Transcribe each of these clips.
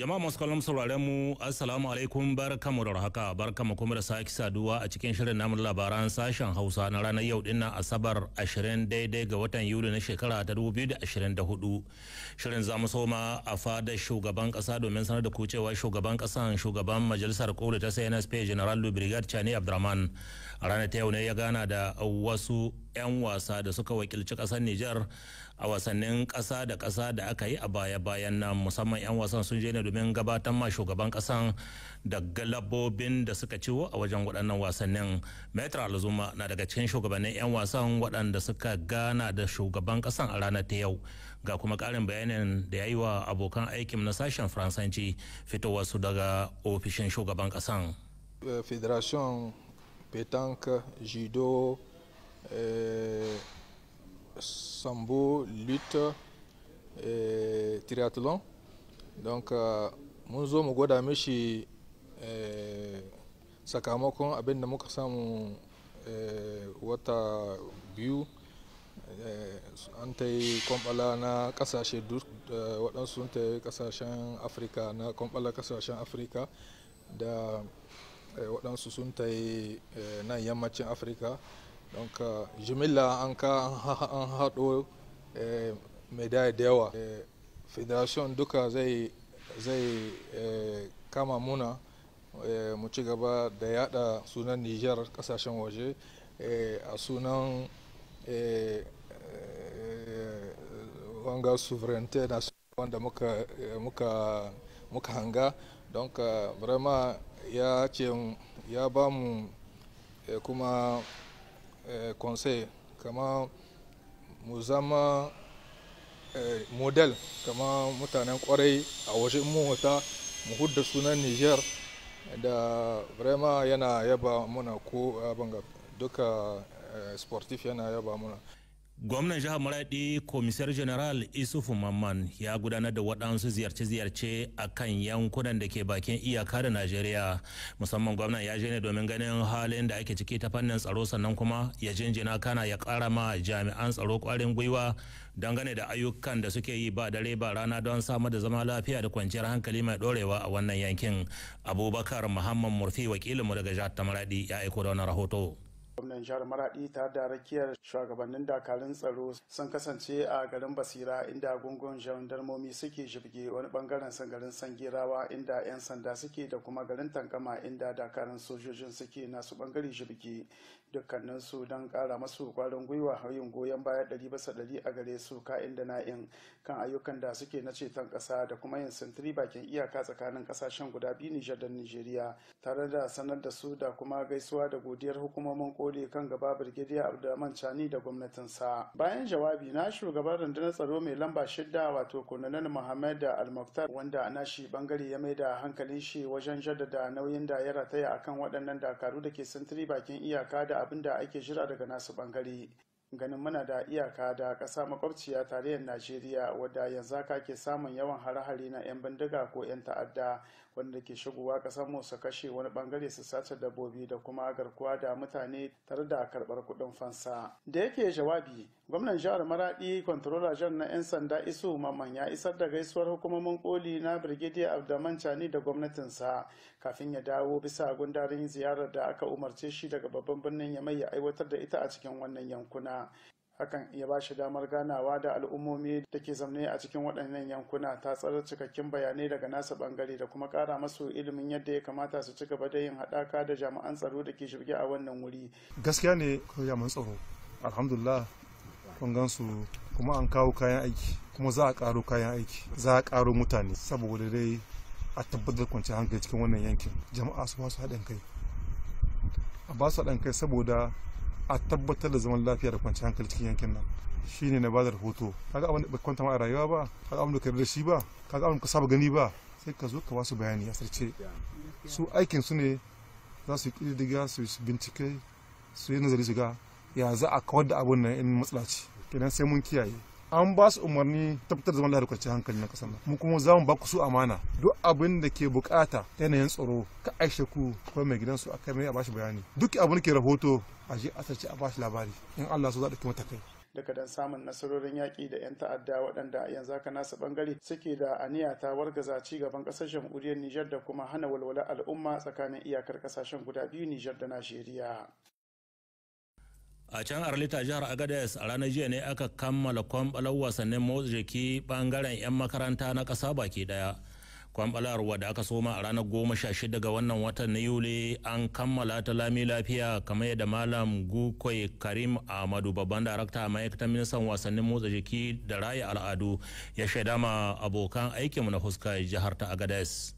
Jama'a masu kallon sauraren mu assalamu alaikum barkamu da haka barkamu kuma da sake saduwa a cikin shirin namun labaran sashen Hausa na ranar yau nan Asabar 20 daidai ga watan Yuli na shekara ta 2024. Shirin zamu soma a fada shugaban kasa domin sanar da kucewa shugaban kasan shugaban majalisar koli ta CNSP General Lubrigat Chani Abdurrahman a ranar ta yau ne ya gana da wasu 'yan wasa da suka wakilci kasar Nijar a wasannin kasa da kasa da aka yi a baya-bayan nan musamman 'yan wasan sun je ne domin gabatar ma shugaban kasan da galabobin da suka ciwo a wajen waɗannan wasannin. Metra Alzuma na daga cikin shugabannin 'yan wasan waɗanda suka gana da shugaban kasan a ranar ta yau. Ga kuma ƙarin bayanin da ya yi wa abokan aikin na sashen Faransanci wasu daga ofishin shugaban kasan. Euh, Federation Petanque Judo Euh, sambo lutte euh, triathlon donc mun zo mu gwada mishi sakamakon abin da muka euh, samu wata biyu an ta yi kwamfala na kasashe waɗansu ta yi kasashen afirka na kwamfala kasashen afirka da waɗansu sun ta yi nan yammacin afirka donc uh, jimilla an ka an haɗo eh, da yawa eh, federation duka zai zai eh, kama muna eh, mu ci gaba da yada sunan niger kasashen waje eh, a sunan eh, wanga sovereignty na wanda muka, muka, muka hanga don ka ya ce ya ba mu kuma Eh, conseil kama mu zama eh, model kama mutanen kwarai a waje mu mu hudda sunan niger da vraiment yana yaba muna ko abin duka eh, sportif yana yaba muna Gwamnan jihar Maradi Komisar General Isufu Mamman ya gudanar da waɗansu ziyarce-ziyarce a kan yankunan da ke bakin iyaka da Najeriya. Musamman gwamnan ya je ne domin ganin halin da ake ciki ta fannin tsaro sannan kuma ya jinjina kana ya ƙara ma jami'an tsaro ƙwarin gwiwa dangane da ayyukan da suke yi ba dare ba rana don samar da zama lafiya da kwanciyar hankali mai ɗorewa a wannan yankin. Abubakar Muhammad Murfi wakilinmu daga jihar ta Maradi ya aiko da wani rahoto. gwamnan jihar maradi ta da rakiyar shugabannin dakarun tsaro sun kasance a garin basira inda gungun jandarmomi suke jirgi wani bangaren san garin sangirawa inda 'yan sanda suke da kuma garin tankama inda dakarun sojojin suke nasu bangare jirgi su don kara masu ƙwarin gwiwa yin goyon baya ɗari bisa ɗari a gare su ka'in da na'in kan ayyukan da suke na ceton ƙasa da kuma yin sintiri bakin iyaka tsakanin ƙasashen guda biyu Nijar da Nijeriya tare da sanar da su da kuma gaisuwa da godiyar hukumomin kore kan gaba Birgidiya Abdulrahman cani da gwamnatinsa. Bayan jawabi na shugaban rundunar tsaro mai lamba shidda wato Kunanan Muhammad Al-Muftar wanda na shi bangare ya mai da hankalin shi wajen jaddada nauyin da ya rataya akan waɗannan dakaru da ke sintiri bakin iyaka da abin da ake jira daga nasu bangare ganin muna da iyaka da ƙasa makwabciya tarayyar najeriya wadda yanzu haka ke samun yawan hare-hare na 'yan bindiga ko 'yan ta'adda wanda ke shigowa kasar mu su kashe wani bangare su sace dabbobi da kuma garkuwa da mutane tare da karbar kuɗin fansa da yake jawabi gwamnan jihar maradi controller jan na 'yan sanda isu maman ya isar da gaisuwar hukumomin koli na birgidiya abdaman cani da gwamnatinsa kafin ya dawo bisa gundarin ziyarar da aka umarce shi daga babban birnin ya mai ya aiwatar da ita a cikin wannan yankuna hakan iya ba shi damar ganawa da al'ummomi da ke zamne a cikin waɗannan yankuna ta tsarar cikakken bayanai daga nasa bangare da kuma ƙara masu ilimin yadda ya kamata su ci gaba da yin haɗaka da jami'an tsaro da ke shirge a wannan wuri gaskiya ne jami'an tsaro alhamdulillah kun su kuma an kawo kayan aiki kuma za a ƙaro kayan aiki za a ƙaro mutane saboda dai a tabbatar kwanciyar hankali cikin wannan yankin jama'a su ba su haɗin kai a ba su haɗin kai saboda a tabbatar da zaman lafiya da kwanciyar hankali cikin yankin nan ne na ba da rahoto kaga abin da ba kwanta ma a rayuwa ba kaga abin da ka da shi ba kaga abin da ka saba gani ba sai ka zo ka wasu bayani a sarce su aikin su ne za su diga su bincike su yi nazari su ga ya za a kawar da abin nan in matsala ce kenan sai mun kiyaye an ba su umarni tabbatar zaman lahar kwanciyar hankali na kasar mu kuma za mu ba ku su amana duk abin da ke bukata yanayin tsaro ka aishe ku ko mai gidansu a kai mai a bashi bayani duk abin da ke rahoto a je a sarci a bashi labari in Allah su za ɗauki mata kai. daga dan samun nasarorin yaƙi da 'yan ta'adda waɗanda yanzu aka nasa ɓangare suke da aniya ta wargaza ci gaban ƙasar jamhuriyar Nijar da kuma hana walwala al'umma tsakanin iyakar ƙasashen guda biyu Nijar da Najeriya. a can arlita jihar agadez a ranar jiya ne aka kammala kwambalar wasannin motsa jiki bangaren 'yan makaranta na ƙasa baki daya kwambalar da aka soma a ranar goma sha shida ga wannan watan na yuli an kammala ta lami lafiya kamar yadda malam gukoi karim ahmadu babban darakta ma'aikatan ministan wasannin motsa jiki da raya al'adu ya shaida ma abokan aikinmu na fuska jihar ta agadez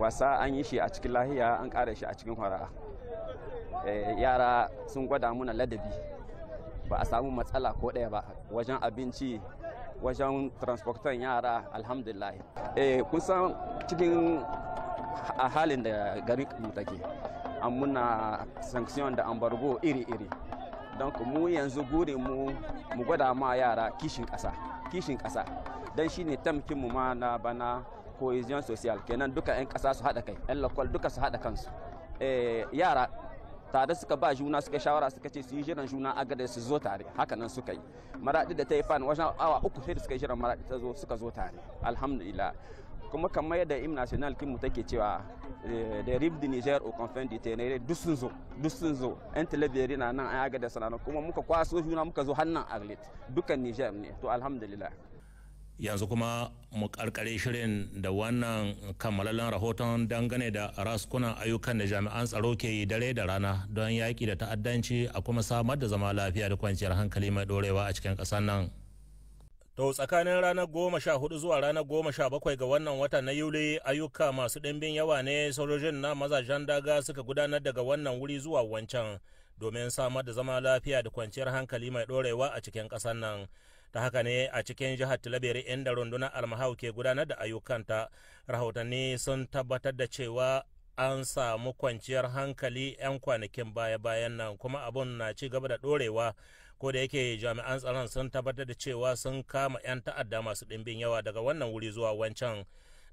wasa an yi shi a cikin lahiya an ƙara shi a cikin fara'a Eh, yara sun gwada muna ladabi ba a samu matsala ko ɗaya ba wajen abinci wajen transportan yara alhamdulillah Kusan eh, kun san cikin a halin da garin mu take an muna sanction da ambargo iri-iri don mu yanzu gurin mu mu gwada ma yara kishin ƙasa kishin ƙasa don shine tamkin mu ma na bana cohesion social kenan duka 'yan ƙasa su haɗa kai 'yan lokal duka su haɗa kansu eh, yara tare suka ba juna suka shawara suka ce su yi jiran juna a gada su zo tare haka nan suka yi maradi da ta yi fan wajen awa uku sai da suka yi jiran maradi ta zo suka zo tare alhamdulillah kuma kamar yadda im national kinmu take cewa da eh, rib di niger au confin du tenere duk sun zo zo yan talabiri na nan a yaga sanana kuma muka kwaso juna muka zo hannan arlit dukan niger ne to alhamdulillah yanzu kuma mu karkare shirin da wannan kammalalan rahoton dangane da raskunan ayyukan da jami'an tsaro ke yi dare da rana don yaƙi da ta'addanci a kuma samar da zama lafiya da kwanciyar hankali mai ɗorewa a cikin ƙasar nan. To tsakanin ranar goma sha hudu zuwa ranar goma sha bakwai ga wannan wata na Yuli ayyuka masu ɗimbin yawa ne sojojin na mazajen daga suka gudanar daga wannan wuri zuwa wancan domin samar da zama lafiya da kwanciyar hankali mai ɗorewa a cikin ƙasar nan. ta haka ne a cikin jihar tilaberi inda rundunar almahau ke gudanar da ayyukanta rahotanni sun tabbatar da cewa an samu kwanciyar hankali 'yan kwanakin baya-bayan nan kuma abun na ci gaba da dorewa ko da yake jami'an tsaron sun tabbatar da cewa sun kama 'yan ta'adda masu ɗimbin yawa daga wannan wuri zuwa wancan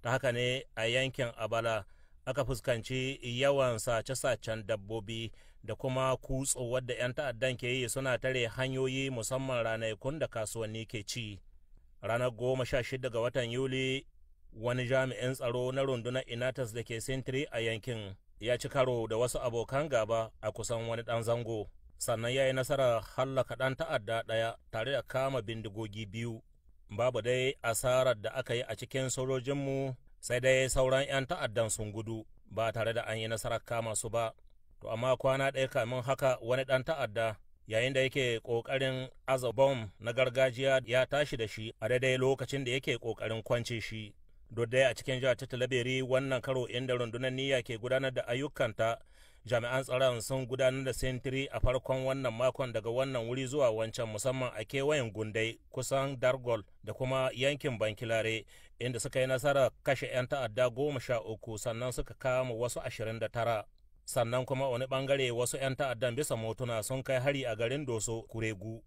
ta haka ne a yankin abala aka fuskanci yawan sace-sacen dabbobi da kuma kutso wadda 'yan ta'addan ke yi suna tare hanyoyi musamman ranakun da kasuwanni ke ci ranar goma sha shida ga watan yuli wani jami'in tsaro na rundunar inatas da ke sintiri a yankin ya ci karo da wasu abokan gaba a kusan wani dan zango sannan ya yi nasarar hallaka ɗan ta'adda ɗaya tare da kama bindigogi biyu babu dai asarar da aka yi a cikin sojojinmu sai dai sauran 'yan ta'addan sun gudu ba tare da an yi nasarar kama su ba To amma kwana ɗaya kamin haka wani ɗan ta'adda yayin da yake ƙoƙarin aza bom na gargajiya ya tashi da shi a daidai lokacin da yake ƙoƙarin kwance shi. Duk a cikin jihar ta Talabiri wannan karo inda rundunar niyya ke gudanar da ayyukanta jami'an tsaron sun gudanar da sentiri a farkon wannan makon daga wannan wuri zuwa wancan musamman a kewayen gundai kusan dargol da kuma yankin bankilare inda suka yi nasarar kashe 'yan ta'adda goma sha uku sannan suka kama wasu ashirin da tara sannan kuma wani bangare wasu 'yan ta'addan bisa motuna sun kai hari a garin doso kuregu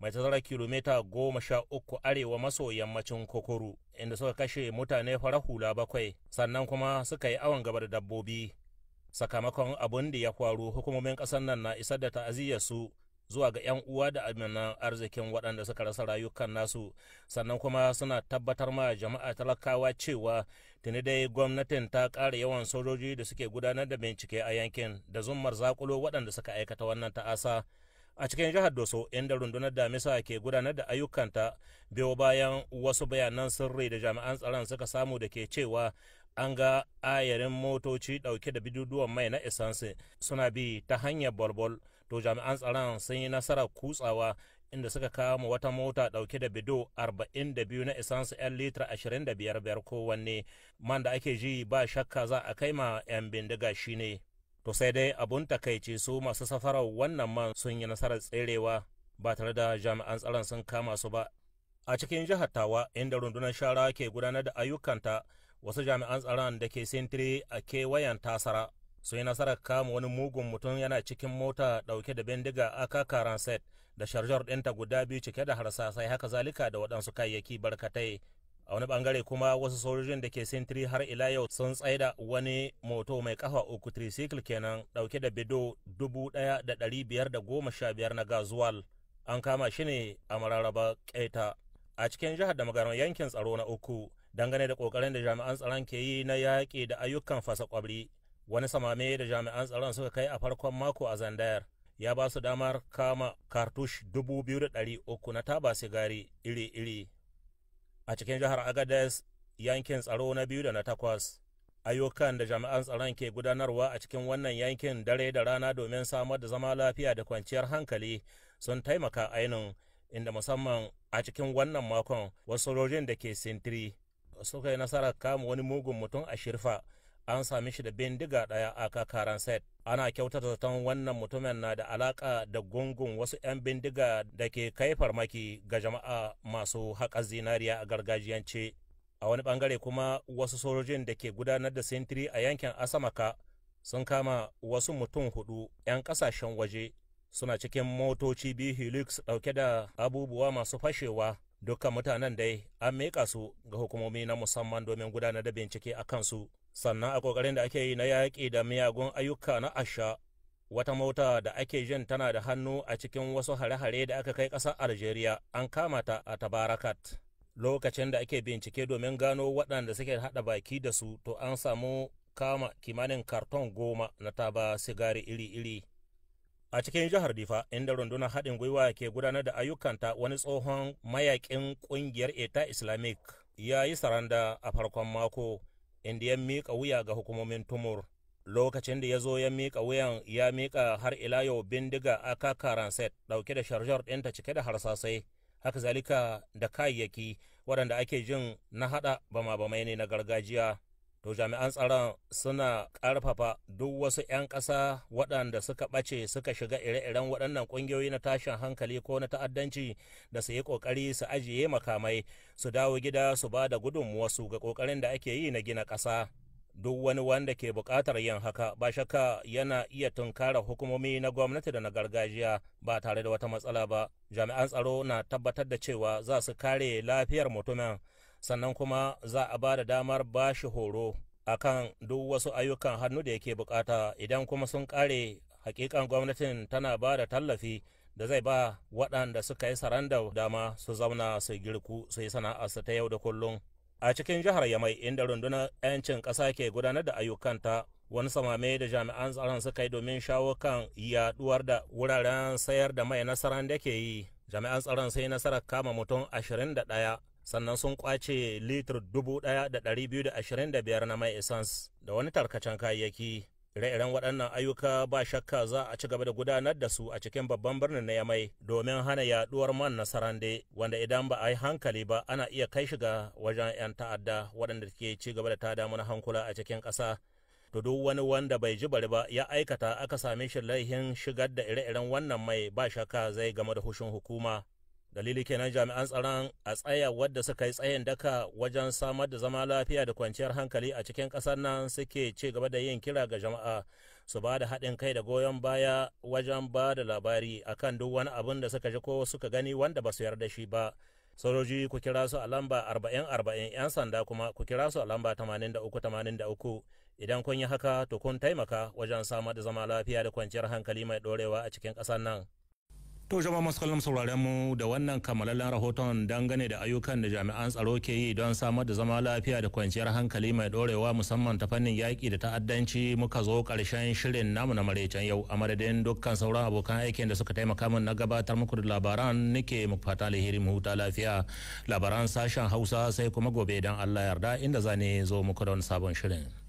mai tazarar kilomita goma sha uku arewa maso yammacin kokoro inda suka kashe mutane fara hula bakwai sannan kuma suka yi awon gaba da dabbobi sakamakon abun da ya faru hukumomin ƙasar nan na isar da ta'aziyyar su zuwa ga 'yan uwa da aminan arzikin waɗanda suka rasa rayukan nasu sannan kuma suna tabbatar ma jama'a talakawa cewa tuni dai gwamnatin ta ƙara yawan sojoji da suke gudanar da bincike a yankin da zummar zakulo waɗanda suka aikata wannan ta'asa a cikin jihar doso inda rundunar damisa ke gudanar da ayyukanta biyo bayan wasu bayanan sirri da jami'an tsaron suka samu da ke cewa an ga ayarin motoci ɗauke da bidiyon mai na isansi suna bi ta hanyar bolbol to jami'an tsaron sun yi nasarar kutsawa inda suka kama wata mota dauke da bido 42 na isansu 'yan litra 25 biyar kowanne man da ake ji ba shakka za a kai ma 'yan bindiga shi ne to sai dai abun takaici su masu safarar wannan man sun yi nasarar tserewa ba tare da jami'an tsaron sun kama su ba a cikin jihar tawa inda rundunar shara ke gudanar da ayyukanta wasu jami'an tsaron da ke sintiri a kewayen tasara sun yi nasarar kama wani mugun mutum yana cikin mota dauke da bindiga aka karan set da sharjar ɗinta guda biyu cike da harsasai haka zalika da waɗansu kayayyaki barkatai a wani bangare kuma wasu sojojin da ke sintiri har ila yau sun tsaida wani moto mai kafa uku tricycle kenan dauke da bido dubu ɗaya da ɗari biyar da goma sha biyar na gazuwal an kama shi ne a mararaba keta a cikin jihar da magaran yankin tsaro na uku dangane da kokarin da jami'an tsaron ke yi na yaƙi da ayyukan fasa kwabri wani samame da jami'an tsaron suka kai a farkon mako a zandayar ya ba su damar kama kartush uku na taba sigari iri-iri a cikin jihar agadez yankin tsaro na biyu da na takwas ayyukan da jami'an tsaron ke gudanarwa a cikin wannan yankin dare da rana domin samar da zama lafiya da kwanciyar hankali sun taimaka ainin inda musamman a cikin wannan makon wasu sojojin da ke sintiri suka yi nasarar kama wani mugun mutum a shirfa an sami shi da bindiga ɗaya a kakaran set ana kyautata zaton wannan mutumin na da alaka da gungun wasu 'yan bindiga da ke kai farmaki ga jama'a masu haƙa zinariya a gargajiyance a wani bangare kuma wasu sojojin da ke gudanar da sintiri a yankin asamaka sun kama wasu mutum hudu 'yan ƙasashen waje suna cikin motoci biyu helix dauke da abubuwa masu fashewa dukkan mutanen dai an miƙa su ga hukumomi na musamman domin gudanar da bincike a kansu sannan a ƙoƙarin da ake yi na yaƙi da miyagun ayyuka na asha wata mota da ake jin tana da hannu a cikin wasu hare-hare da aka kai ƙasar algeria an kama ta a tabarakat lokacin da ake bincike domin gano waɗanda suke haɗa baki da su to an samu kama kimanin karton goma na taba sigari iri-iri a cikin jihar difa inda rundunar haɗin gwiwa ke gudanar da ayyukanta wani tsohon mayakin ƙungiyar eta islamic ya yi saranda a farkon mako inda ya miƙa wuya ga hukumomin tumur lokacin da ya zo ya miƙa wuyan ya miƙa har ila yau bindiga aka karanset ɗauke da sharjar ɗinta cike da harsasai haka zalika da kayayyaki waɗanda ake jin na haɗa bama-bamai ne na gargajiya to jami'an tsaron suna karfafa duk wasu 'yan ƙasa waɗanda suka ɓace suka shiga ire-iren waɗannan ƙungiyoyi na tashin hankali ko na ta'addanci da su yi ƙoƙari su ajiye makamai su dawo gida su ba da gudunmuwarsu ga ƙoƙarin da ake yi na gina ƙasa duk wani wanda ke buƙatar yin haka ba shakka yana iya tunkara hukumomi na gwamnati da na gargajiya ba tare da wata matsala ba jami'an tsaro na tabbatar da cewa za su kare lafiyar mutumin sannan kuma za a ba da damar ba shi horo A kan duk wasu ayyukan hannu da yake bukata idan kuma sun kare hakikan gwamnatin tana ba da tallafi da zai ba waɗanda suka yi saranda dama su zauna su girku su yi sana'arsu ta yau da kullum a cikin jihar yamai inda rundunar 'yancin ƙasa ke gudanar da ayyukanta wani samame da jami'an tsaron suka yi domin shawo kan yaduwar da wuraren sayar da mai nasarar da ke yi jami'an tsaron sai nasarar kama mutum ashirin da ɗaya. sannan sun kwace litir biyar na mai essence da wani tarkacen kayayyaki ire-iren waɗannan ayyuka ba shakka za a ci gaba da gudanar da su a cikin babban birnin na yamai domin hana yaɗuwar man nasarande wanda idan ba a yi hankali ba ana iya kai shiga wajen 'yan ta'adda waɗanda ke ci gaba da damu na hankula a cikin ƙasa to duk wani wanda bai ji bari ba ya aikata aka same shi laihin shigar da ire-iren wannan mai ba shakka zai game da hushin hukuma dalili kenan jami'an tsaron a tsaya wadda suka yi tsayin daka wajen samar da zama lafiya da kwanciyar hankali a cikin ƙasar nan suke ci gaba da yin kira ga jama'a su ba da haɗin kai da goyon baya wajen ba da labari akan duk wani abin da suka ji ko suka gani wanda ba su yarda shi ba sojoji ku kira su a lamba 40-40 'yan sanda kuma ku kira su a lamba 83-83 idan kun yi haka to kun taimaka wajen samar da zama lafiya da kwanciyar hankali mai ɗorewa a cikin ƙasar nan. To jama'a masu kallon sauraren mu da wannan kamalallen rahoton dangane da ayyukan da jami'an tsaro ke yi don samar da zama lafiya da kwanciyar hankali mai dorewa musamman ta fannin yaƙi da ta'addanci muka zo ƙarshen shirin namu na maraicen yau a madadin dukkan sauran abokan aikin da suka taimaka min na gabatar muku da labaran nake muku fata alheri mu huta lafiya labaran sashen Hausa sai kuma gobe don Allah yarda inda zane zo muku da wani sabon shirin.